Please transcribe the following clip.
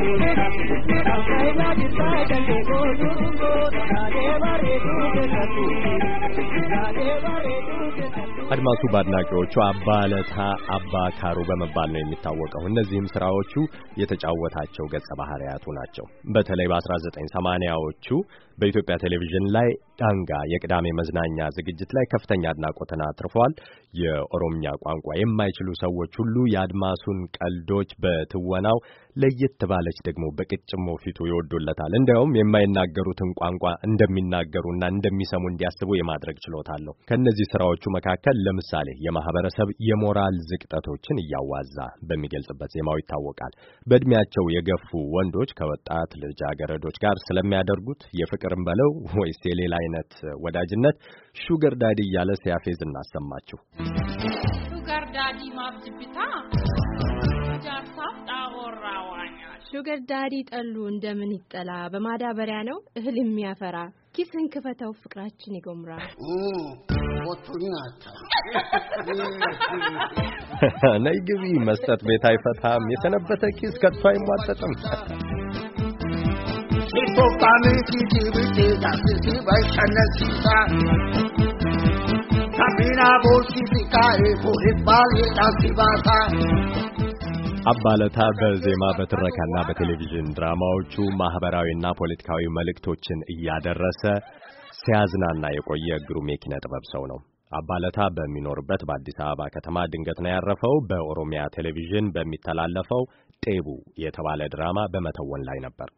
Thank you. አድማሱ በአድናቂዎቹ አባለታ አባ ካሩ በመባል ነው የሚታወቀው። እነዚህም ስራዎቹ የተጫወታቸው ገጸ ባህሪያቱ ናቸው። በተለይ በ1980ዎቹ በኢትዮጵያ ቴሌቪዥን ላይ ዳንጋ የቅዳሜ መዝናኛ ዝግጅት ላይ ከፍተኛ አድናቆትን አትርፏል። የኦሮምኛ ቋንቋ የማይችሉ ሰዎች ሁሉ የአድማሱን ቀልዶች በትወናው ለየት ባለች ደግሞ በቅጭሞ ፊቱ ይወዱለታል። እንዲያውም የማይናገሩትን ቋንቋ እንደሚናገሩና እንደሚሰሙ እንዲያስቡ የማድረግ ችሎታ አለው። ከእነዚህ ስራዎቹ መካከል ለምሳሌ የማህበረሰብ የሞራል ዝቅጠቶችን እያዋዛ በሚገልጽበት ዜማው ይታወቃል። በእድሜያቸው የገፉ ወንዶች ከወጣት ልጃገረዶች ጋር ስለሚያደርጉት የፍቅርን በለው ወይስ የሌላ አይነት ወዳጅነት ሹገር ዳዲ እያለ ሲያፌዝ እናሰማችሁ። ሹገር ዳዲ ማብጅብታ ሹገር ዳዲ ጠሉ እንደምን ይጠላ በማዳበሪያ ነው እህል የሚያፈራ ኪስህን ክፈተው፣ ፍቅራችን ይጎምራል። ነይ ግቢ፣ መስጠት ቤት አይፈታም፣ የሰነበተ ኪስ ከቶ አይሟጠጥም። Camina por si te cae, por አባለታ በዜማ በትረካና በቴሌቪዥን ድራማዎቹ ማህበራዊና ፖለቲካዊ መልእክቶችን እያደረሰ ሲያዝናና የቆየ ግሩም የኪነ ጥበብ ሰው ነው። አባለታ በሚኖርበት በአዲስ አበባ ከተማ ድንገት ነው ያረፈው። በኦሮሚያ ቴሌቪዥን በሚተላለፈው ጤቡ የተባለ ድራማ በመተወን ላይ ነበር።